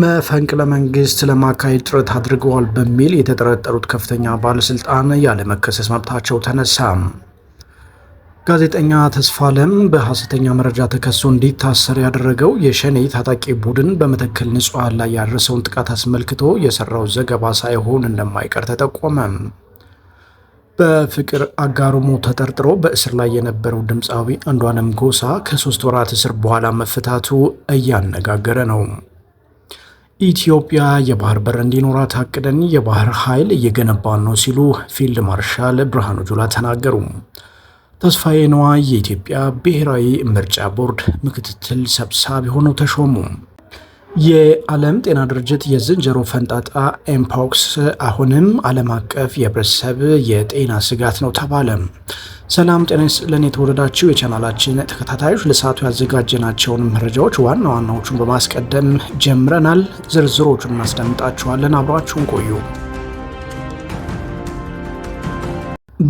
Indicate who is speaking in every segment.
Speaker 1: መፈንቅለ መንግስት ለማካሄድ ጥረት አድርገዋል በሚል የተጠረጠሩት ከፍተኛ ባለስልጣን ያለመከሰስ መብታቸው ተነሳ። ጋዜጠኛ ተስፋለም በሐሰተኛ መረጃ ተከሶ እንዲታሰር ያደረገው የሸኔ ታጣቂ ቡድን በመተከል ንጹሐን ላይ ያደረሰውን ጥቃት አስመልክቶ የሰራው ዘገባ ሳይሆን እንደማይቀር ተጠቆመ። በፍቅር አጋሩሙ ተጠርጥሮ በእስር ላይ የነበረው ድምፃዊ አንዷለም ጎሳ ከሶስት ወራት እስር በኋላ መፈታቱ እያነጋገረ ነው። ኢትዮጵያ የባህር በር እንዲኖራት አቅደን የባህር ኃይል እየገነባን ነው ሲሉ ፊልድ ማርሻል ብርሃኑ ጁላ ተናገሩ። ተስፋዬ ነዋ የኢትዮጵያ ብሔራዊ ምርጫ ቦርድ ምክትል ሰብሳቢ ሆነው ተሾሙ። የዓለም ጤና ድርጅት የዝንጀሮ ፈንጣጣ ኤምፖክስ አሁንም ዓለም አቀፍ የህብረተሰብ የጤና ስጋት ነው ተባለ። ሰላም ጤና ይስጥልን የተወደዳችሁ የቻናላችን ተከታታዮች፣ ለሰዓቱ ያዘጋጀናቸውን መረጃዎች ዋና ዋናዎቹን በማስቀደም ጀምረናል። ዝርዝሮቹን እናስደምጣችኋለን። አብራችሁን ቆዩ።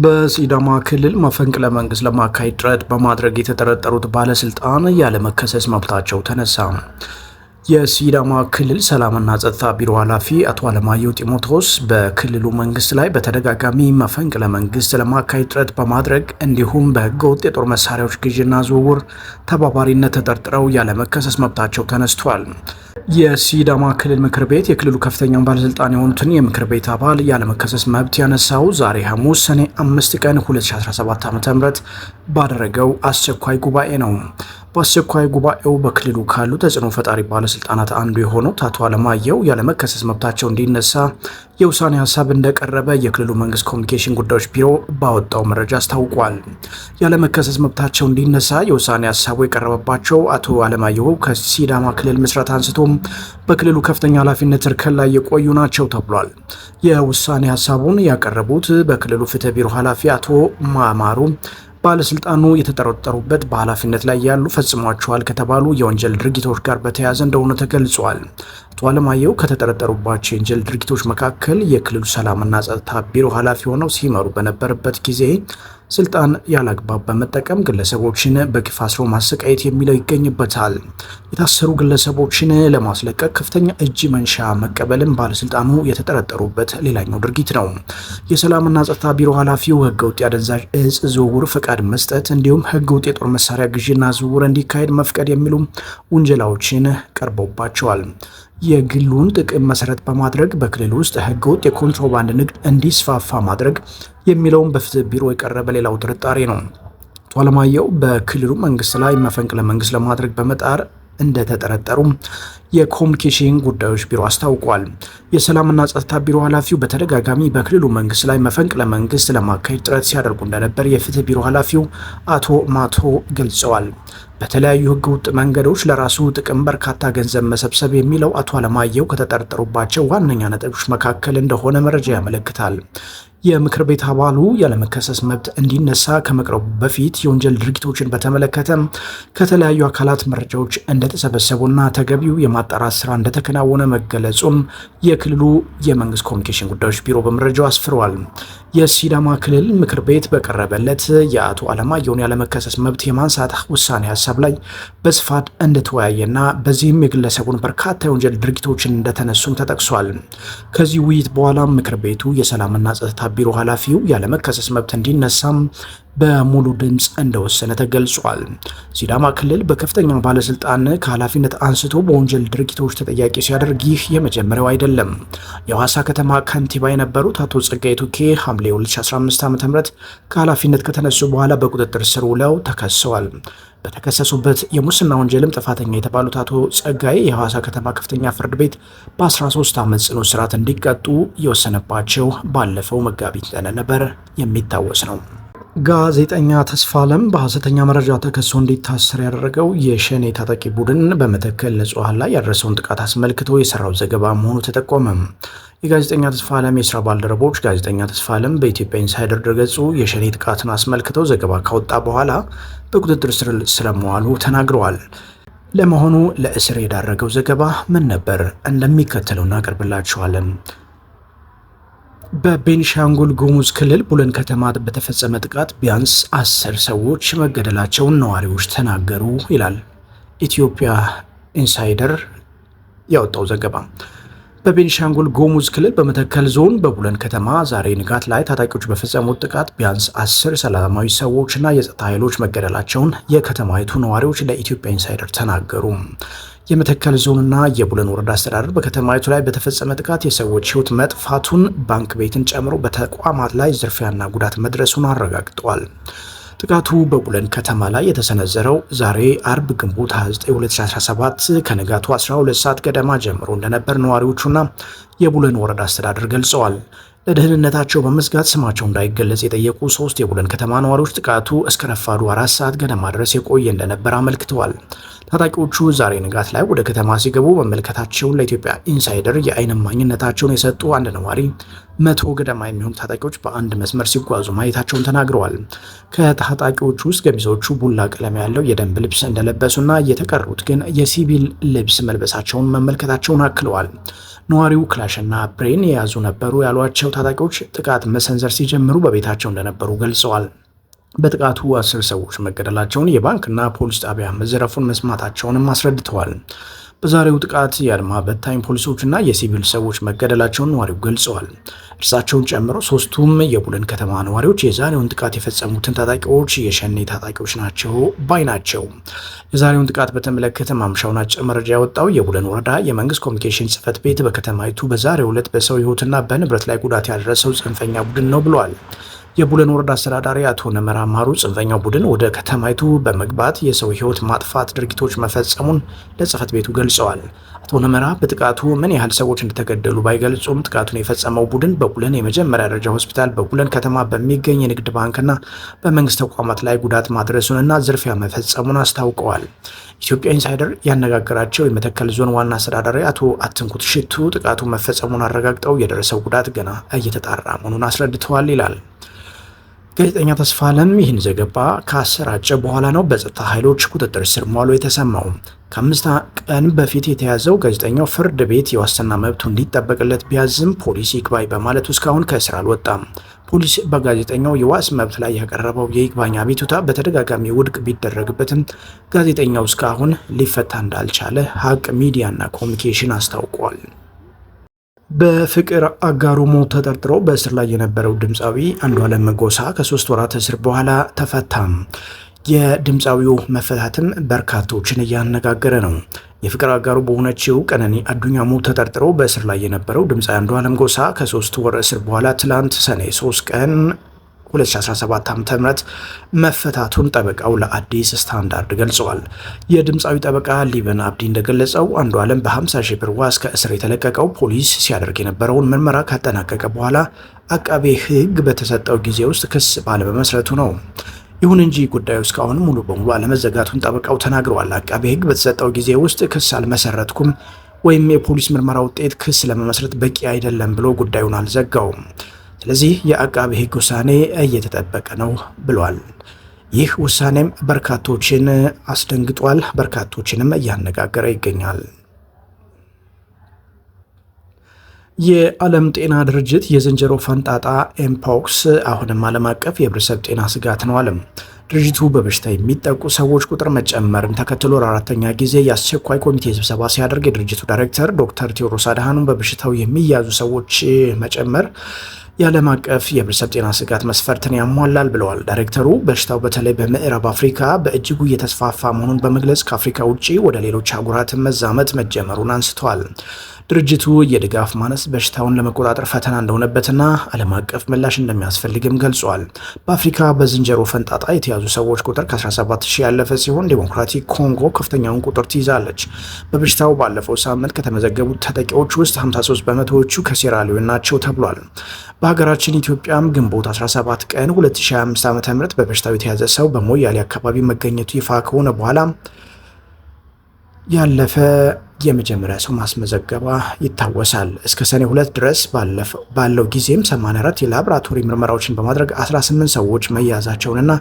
Speaker 1: በሲዳማ ክልል መፈንቅለ መንግስት ለማካሄድ ጥረት በማድረግ የተጠረጠሩት ባለስልጣን ያለመከሰስ መብታቸው ተነሳ። የሲዳማ ክልል ሰላምና ጸጥታ ቢሮ ኃላፊ አቶ አለማየሁ ጢሞቴዎስ በክልሉ መንግስት ላይ በተደጋጋሚ መፈንቅለ መንግስት ለማካሄድ ጥረት በማድረግ እንዲሁም በህገወጥ የጦር መሳሪያዎች ግዥና ዝውውር ተባባሪነት ተጠርጥረው ያለመከሰስ መብታቸው ተነስቷል። የሲዳማ ክልል ምክር ቤት የክልሉ ከፍተኛውን ባለስልጣን የሆኑትን የምክር ቤት አባል ያለመከሰስ መብት ያነሳው ዛሬ ሐሙስ ሰኔ አምስት ቀን 2017 ዓ ም ባደረገው አስቸኳይ ጉባኤ ነው። በአስቸኳይ ጉባኤው በክልሉ ካሉ ተጽዕኖ ፈጣሪ ባለስልጣናት አንዱ የሆኑት አቶ አለማየሁ ያለመከሰስ መብታቸው እንዲነሳ የውሳኔ ሀሳብ እንደቀረበ የክልሉ መንግስት ኮሚኒኬሽን ጉዳዮች ቢሮ ባወጣው መረጃ አስታውቋል። ያለመከሰስ መብታቸው እንዲነሳ የውሳኔ ሀሳቡ የቀረበባቸው አቶ አለማየሁ ከሲዳማ ክልል ምስረት አንስቶም በክልሉ ከፍተኛ ኃላፊነት እርከን ላይ የቆዩ ናቸው ተብሏል። የውሳኔ ሀሳቡን ያቀረቡት በክልሉ ፍትህ ቢሮ ኃላፊ አቶ ማማሩ ባለስልጣኑ የተጠረጠሩበት በኃላፊነት ላይ ያሉ ፈጽሟቸዋል ከተባሉ የወንጀል ድርጊቶች ጋር በተያያዘ እንደሆነ ተገልጿል። አቶ አለማየሁ ከተጠረጠሩባቸው የወንጀል ድርጊቶች መካከል የክልሉ ሰላምና ጸጥታ ቢሮ ኃላፊ ሆነው ሲመሩ በነበረበት ጊዜ ስልጣን ያላግባብ በመጠቀም ግለሰቦችን በግፍ አስሮ ማሰቃየት የሚለው ይገኝበታል። የታሰሩ ግለሰቦችን ለማስለቀቅ ከፍተኛ እጅ መንሻ መቀበልም ባለስልጣኑ የተጠረጠሩበት ሌላኛው ድርጊት ነው። የሰላምና ጸጥታ ቢሮ ኃላፊው ህገወጥ የአደንዛዥ እጽ ዝውውር ፈቃድ መስጠት እንዲሁም ህገወጥ የጦር መሳሪያ ግዢና ዝውውር እንዲካሄድ መፍቀድ የሚሉ ውንጀላዎችን ቀርበውባቸዋል። የግሉን ጥቅም መሰረት በማድረግ በክልል ውስጥ ህገወጥ የኮንትሮባንድ ንግድ እንዲስፋፋ ማድረግ የሚለውን በፍትህ ቢሮ የቀረበ ሌላው ጥርጣሬ ነው። አቶ አለማየሁ በክልሉ መንግስት ላይ መፈንቅለ መንግስት ለማድረግ በመጣር እንደተጠረጠሩም የኮሚኒኬሽን ጉዳዮች ቢሮ አስታውቋል። የሰላምና ጸጥታ ቢሮ ኃላፊው በተደጋጋሚ በክልሉ መንግስት ላይ መፈንቅለ መንግስት ለማካሄድ ጥረት ሲያደርጉ እንደነበር የፍትህ ቢሮ ኃላፊው አቶ ማቶ ገልጸዋል። በተለያዩ ህገ ወጥ መንገዶች ለራሱ ጥቅም በርካታ ገንዘብ መሰብሰብ የሚለው አቶ አለማየሁ ከተጠረጠሩባቸው ዋነኛ ነጥቦች መካከል እንደሆነ መረጃ ያመለክታል። የምክር ቤት አባሉ ያለመከሰስ መብት እንዲነሳ ከመቅረቡ በፊት የወንጀል ድርጊቶችን በተመለከተ ከተለያዩ አካላት መረጃዎች እንደተሰበሰቡና ተገቢው የማጣራት ስራ እንደተከናወነ መገለጹም የክልሉ የመንግስት ኮሚኒኬሽን ጉዳዮች ቢሮ በመረጃው አስፍረዋል። የሲዳማ ክልል ምክር ቤት በቀረበለት የአቶ አለማየሁን ያለመከሰስ መብት የማንሳት ውሳኔ ሀሳብ ላይ በስፋት እንደተወያየና በዚህም የግለሰቡን በርካታ የወንጀል ድርጊቶችን እንደተነሱም ተጠቅሷል። ከዚህ ውይይት በኋላ ምክር ቤቱ የሰላምና ጸጥታ ቢሮ ኃላፊው ያለመከሰስ መብት እንዲነሳም በሙሉ ድምፅ እንደወሰነ ተገልጿል። ሲዳማ ክልል በከፍተኛው ባለስልጣን ከኃላፊነት አንስቶ በወንጀል ድርጊቶች ተጠያቂ ሲያደርግ ይህ የመጀመሪያው አይደለም። የሐዋሳ ከተማ ከንቲባ የነበሩት አቶ ጸጋዬ ቱኬ ሐምሌ 2015 ዓ ም ከኃላፊነት ከተነሱ በኋላ በቁጥጥር ስር ውለው ተከሰዋል። በተከሰሱበት የሙስና ወንጀልም ጥፋተኛ የተባሉት አቶ ጸጋዬ የሐዋሳ ከተማ ከፍተኛ ፍርድ ቤት በ13 ዓመት ጽኑ እስራት እንዲቀጡ የወሰነባቸው ባለፈው መጋቢት እንደነበር የሚታወስ ነው። ጋዜጠኛ ተስፋ አለም በሐሰተኛ መረጃ ተከሶ እንዲታሰር ያደረገው የሸኔ ታጣቂ ቡድን በመተከል ንጹሐን ላይ ያደረሰውን ጥቃት አስመልክቶ የሰራው ዘገባ መሆኑ ተጠቆመም። የጋዜጠኛ ተስፋ ዓለም የስራ ባልደረቦች ጋዜጠኛ ተስፋ ዓለም በኢትዮጵያ ኢንሳይደር ድረገጹ የሸኔ ጥቃትን አስመልክተው ዘገባ ካወጣ በኋላ በቁጥጥር ስር ስለመዋሉ ተናግረዋል። ለመሆኑ ለእስር የዳረገው ዘገባ ምን ነበር? እንደሚከተለው እናቀርብላችኋለን። በቤንሻንጉል ጉሙዝ ክልል ቡለን ከተማ በተፈጸመ ጥቃት ቢያንስ አስር ሰዎች መገደላቸውን ነዋሪዎች ተናገሩ ይላል ኢትዮጵያ ኢንሳይደር ያወጣው ዘገባ። በቤኒሻንጉል ጎሙዝ ክልል በመተከል ዞን በቡለን ከተማ ዛሬ ንጋት ላይ ታጣቂዎች በፈጸሙት ጥቃት ቢያንስ አስር ሰላማዊ ሰዎችና የጸጥታ ኃይሎች መገደላቸውን የከተማይቱ ነዋሪዎች ለኢትዮጵያ ኢንሳይደር ተናገሩ። የመተከል ዞንና የቡለን ወረዳ አስተዳደር በከተማይቱ ላይ በተፈጸመ ጥቃት የሰዎች ሕይወት መጥፋቱን ባንክ ቤትን ጨምሮ በተቋማት ላይ ዝርፊያና ጉዳት መድረሱን አረጋግጠዋል። ጥቃቱ በቡለን ከተማ ላይ የተሰነዘረው ዛሬ አርብ ግንቦት 29 2017 ከንጋቱ 12 ሰዓት ገደማ ጀምሮ እንደነበር ነዋሪዎቹና የቡለን ወረዳ አስተዳደር ገልጸዋል። ለደህንነታቸው በመስጋት ስማቸው እንዳይገለጽ የጠየቁ ሶስት የቡለን ከተማ ነዋሪዎች ጥቃቱ እስከ ረፋዱ አራት ሰዓት ገደማ ድረስ የቆየ እንደነበር አመልክተዋል። ታጣቂዎቹ ዛሬ ንጋት ላይ ወደ ከተማ ሲገቡ መመልከታቸውን ለኢትዮጵያ ኢንሳይደር የአይን እማኝነታቸውን የሰጡ አንድ ነዋሪ መቶ ገደማ የሚሆኑ ታጣቂዎች በአንድ መስመር ሲጓዙ ማየታቸውን ተናግረዋል። ከታጣቂዎቹ ውስጥ ገሚሶቹ ቡላ ቀለም ያለው የደንብ ልብስ እንደለበሱና የተቀሩት ግን የሲቪል ልብስ መልበሳቸውን መመልከታቸውን አክለዋል። ነዋሪው ክላሽና ብሬን የያዙ ነበሩ ያሏቸው ታጣቂዎች ጥቃት መሰንዘር ሲጀምሩ በቤታቸው እንደነበሩ ገልጸዋል። በጥቃቱ አስር ሰዎች መገደላቸውን የባንክና ፖሊስ ጣቢያ መዘረፉን መስማታቸውንም አስረድተዋል። በዛሬው ጥቃት የአድማ በታኝ ፖሊሶችና የሲቪል ሰዎች መገደላቸውን ነዋሪው ገልጸዋል። እርሳቸውን ጨምሮ ሶስቱም የቡለን ከተማ ነዋሪዎች የዛሬውን ጥቃት የፈጸሙትን ታጣቂዎች የሸኔ ታጣቂዎች ናቸው ባይ ናቸው። የዛሬውን ጥቃት በተመለከተ ማምሻውን አጭር መረጃ ያወጣው የቡለን ወረዳ የመንግስት ኮሚኒኬሽን ጽህፈት ቤት በከተማይቱ በዛሬው ዕለት በሰው ህይወትና በንብረት ላይ ጉዳት ያደረሰው ጽንፈኛ ቡድን ነው ብሏል። የቡለን ወረዳ አስተዳዳሪ አቶ ነመራ ማሩ ጽንፈኛው ቡድን ወደ ከተማይቱ በመግባት የሰው ህይወት ማጥፋት ድርጊቶች መፈጸሙን ለጽህፈት ቤቱ ገልጸዋል። አቶ ነመራ በጥቃቱ ምን ያህል ሰዎች እንደተገደሉ ባይገልጹም ጥቃቱን የፈጸመው ቡድን በቡለን የመጀመሪያ ደረጃ ሆስፒታል፣ በቡለን ከተማ በሚገኝ የንግድ ባንክና በመንግስት ተቋማት ላይ ጉዳት ማድረሱንና ዝርፊያ መፈጸሙን አስታውቀዋል። ኢትዮጵያ ኢንሳይደር ያነጋገራቸው የመተከል ዞን ዋና አስተዳዳሪ አቶ አትንኩት ሽቱ ጥቃቱ መፈጸሙን አረጋግጠው የደረሰው ጉዳት ገና እየተጣራ መሆኑን አስረድተዋል ይላል። ጋዜጠኛ ተስፋ አለም ይህን ዘገባ ከአሰራጨ በኋላ ነው በጸጥታ ኃይሎች ቁጥጥር ስር መዋሉ የተሰማው። ከአምስት ቀን በፊት የተያዘው ጋዜጠኛው ፍርድ ቤት የዋስትና መብቱ እንዲጠበቅለት ቢያዝም ፖሊስ ይግባኝ በማለቱ እስካሁን ከእስር አልወጣም። ፖሊስ በጋዜጠኛው የዋስ መብት ላይ ያቀረበው የይግባኝ አቤቱታ በተደጋጋሚ ውድቅ ቢደረግበትም ጋዜጠኛው እስካሁን ሊፈታ እንዳልቻለ ሀቅ ሚዲያና ኮሚኒኬሽን አስታውቋል። በፍቅር አጋሩ ሞት ተጠርጥሮ በእስር ላይ የነበረው ድምፃዊ አንዷለም ጎሳ ከሶስት ወራት እስር በኋላ ተፈታም። የድምፃዊው መፈታትም በርካቶችን እያነጋገረ ነው። የፍቅር አጋሩ በሆነችው ቀነኒ አዱኛ ሞት ተጠርጥሮ በእስር ላይ የነበረው ድምፃዊ አንዷለም ጎሳ ከሶስት ወር እስር በኋላ ትላንት ሰኔ ሶስት ቀን 2017 ዓ.ም መፈታቱን ጠበቃው ለአዲስ ስታንዳርድ ገልጸዋል። የድምፃዊ ጠበቃ ሊበን አብዲ እንደገለጸው አንዱ ዓለም በ50 ሺህ ብር ዋስ ከእስር የተለቀቀው ፖሊስ ሲያደርግ የነበረውን ምርመራ ካጠናቀቀ በኋላ አቃቤ ሕግ በተሰጠው ጊዜ ውስጥ ክስ ባለመመስረቱ ነው። ይሁን እንጂ ጉዳዩ እስካሁን ሙሉ በሙሉ አለመዘጋቱን ጠበቃው ተናግረዋል። አቃቤ ሕግ በተሰጠው ጊዜ ውስጥ ክስ አልመሰረትኩም ወይም የፖሊስ ምርመራ ውጤት ክስ ለመመስረት በቂ አይደለም ብሎ ጉዳዩን አልዘጋውም። ስለዚህ የአቃቢ ህግ ውሳኔ እየተጠበቀ ነው ብሏል። ይህ ውሳኔም በርካቶችን አስደንግጧል፣ በርካቶችንም እያነጋገረ ይገኛል። የዓለም ጤና ድርጅት የዝንጀሮ ፈንጣጣ ኤምፖክስ አሁንም ዓለም አቀፍ የህብረተሰብ ጤና ስጋት ነው አለም። ድርጅቱ በበሽታ የሚጠቁ ሰዎች ቁጥር መጨመርን ተከትሎ ለአራተኛ ጊዜ የአስቸኳይ ኮሚቴ ስብሰባ ሲያደርግ የድርጅቱ ዳይሬክተር ዶክተር ቴዎድሮስ አድሃኖም በበሽታው የሚያዙ ሰዎች መጨመር የዓለም አቀፍ የህብረተሰብ ጤና ስጋት መስፈርትን ያሟላል ብለዋል። ዳይሬክተሩ በሽታው በተለይ በምዕራብ አፍሪካ በእጅጉ እየተስፋፋ መሆኑን በመግለጽ ከአፍሪካ ውጭ ወደ ሌሎች አህጉራትን መዛመት መጀመሩን አንስተዋል። ድርጅቱ የድጋፍ ማነስ በሽታውን ለመቆጣጠር ፈተና እንደሆነበትና ዓለም አቀፍ ምላሽ እንደሚያስፈልግም ገልጿል። በአፍሪካ በዝንጀሮ ፈንጣጣ የተያዙ ሰዎች ቁጥር ከ170 ያለፈ ሲሆን ዴሞክራቲክ ኮንጎ ከፍተኛውን ቁጥር ትይዛለች። በበሽታው ባለፈው ሳምንት ከተመዘገቡት ተጠቂዎች ውስጥ 53 በመቶዎቹ ከሴራሊዮን ናቸው ተብሏል። በሀገራችን ኢትዮጵያም ግንቦት 17 ቀን 2025 ዓ ም በበሽታው የተያዘ ሰው በሞያሌ አካባቢ መገኘቱ ይፋ ከሆነ በኋላ ያለፈ የመጀመሪያ ሰው ማስመዘገባ ይታወሳል። እስከ ሰኔ ሁለት ድረስ ባለው ጊዜም 84 የላብራቶሪ ምርመራዎችን በማድረግ 18 ሰዎች መያዛቸውንና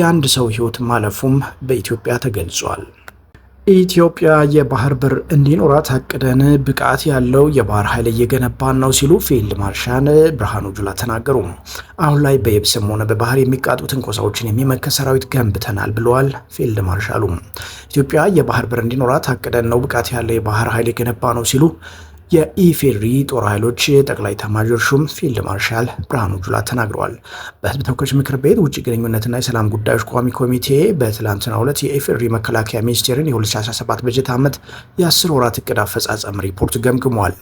Speaker 1: የአንድ ሰው ሕይወት ማለፉም በኢትዮጵያ ተገልጿል። ኢትዮጵያ የባህር በር እንዲኖራት አቅደን ብቃት ያለው የባህር ኃይል እየገነባን ነው ሲሉ ፊልድ ማርሻል ብርሃኑ ጁላ ተናገሩ። አሁን ላይ በየብስም ሆነ በባህር የሚቃጡ ትንኮሳዎችን የሚመከ ሰራዊት ገንብተናል ብለዋል። ፊልድ ማርሻሉ ኢትዮጵያ የባህር በር እንዲኖራት አቅደን ነው ብቃት ያለው የባህር ኃይል የገነባ ነው ሲሉ የኢፌዴሪ ጦር ኃይሎች ጠቅላይ ኤታማዦር ሹም ፊልድ ማርሻል ብርሃኑ ጁላ ተናግረዋል። በህዝብ ተወካዮች ምክር ቤት ውጭ ግንኙነትና የሰላም ጉዳዮች ቋሚ ኮሚቴ በትላንትናው ዕለት የኢፌዴሪ መከላከያ ሚኒስቴርን የ2017 በጀት ዓመት የ10 ወራት እቅድ አፈጻጸም ሪፖርት ገምግሟል።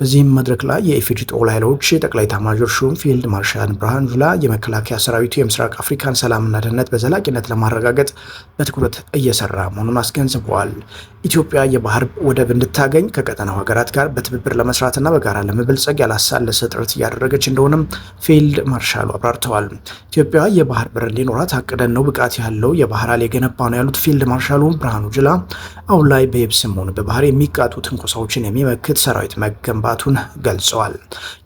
Speaker 1: በዚህም መድረክ ላይ የኢፌዴሪ ጦር ኃይሎች ጠቅላይ ኤታማዦር ሹም ፊልድ ማርሻል ብርሃኑ ጁላ የመከላከያ ሰራዊቱ የምስራቅ አፍሪካን ሰላምና ደህንነት በዘላቂነት ለማረጋገጥ በትኩረት እየሰራ መሆኑን አስገንዝበዋል። ኢትዮጵያ የባህር ወደብ እንድታገኝ ከቀጠናው ሀገራት ጋር በትብብር ለመስራትና በጋራ ለመበልጸግ ያላሳለሰ ጥረት እያደረገች እንደሆነም ፊልድ ማርሻሉ አብራርተዋል። ኢትዮጵያ የባህር በር እንዲኖራት አቅደን ነው ብቃት ያለው የባህር አል የገነባ ነው ያሉት ፊልድ ማርሻሉ ብርሃኑ ጅላ አሁን ላይ በየብስም ሆነ በባህር የሚቃጡ ትንኮሳዎችን የሚመክት ሰራዊት መገንባቱን ገልጸዋል።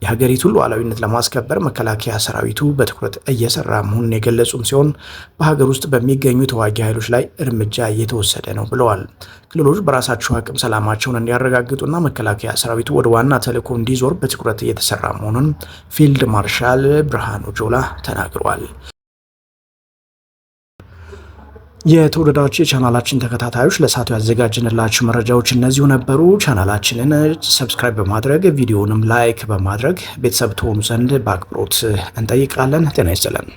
Speaker 1: የሀገሪቱን ሉዓላዊነት ለማስከበር መከላከያ ሰራዊቱ በትኩረት እየሰራ መሆኑን የገለጹም ሲሆን በሀገር ውስጥ በሚገኙ ተዋጊ ኃይሎች ላይ እርምጃ እየተወሰደ ነው ብለዋል። ክልሎች በራሳቸው አቅም ሰላማቸውን እንዲያረጋግጡና መከላከያ ሰራዊቱ ወደ ዋና ተልእኮ እንዲዞር በትኩረት እየተሰራ መሆኑን ፊልድ ማርሻል ብርሃኑ ጆላ ተናግረዋል። የተወደዳችሁ የቻናላችን ተከታታዮች ለሳቱ ያዘጋጅንላችሁ መረጃዎች እነዚሁ ነበሩ። ቻናላችንን ሰብስክራይብ በማድረግ ቪዲዮንም ላይክ በማድረግ ቤተሰብ ትሆኑ ዘንድ በአክብሮት እንጠይቃለን። ጤና ይስጥልን።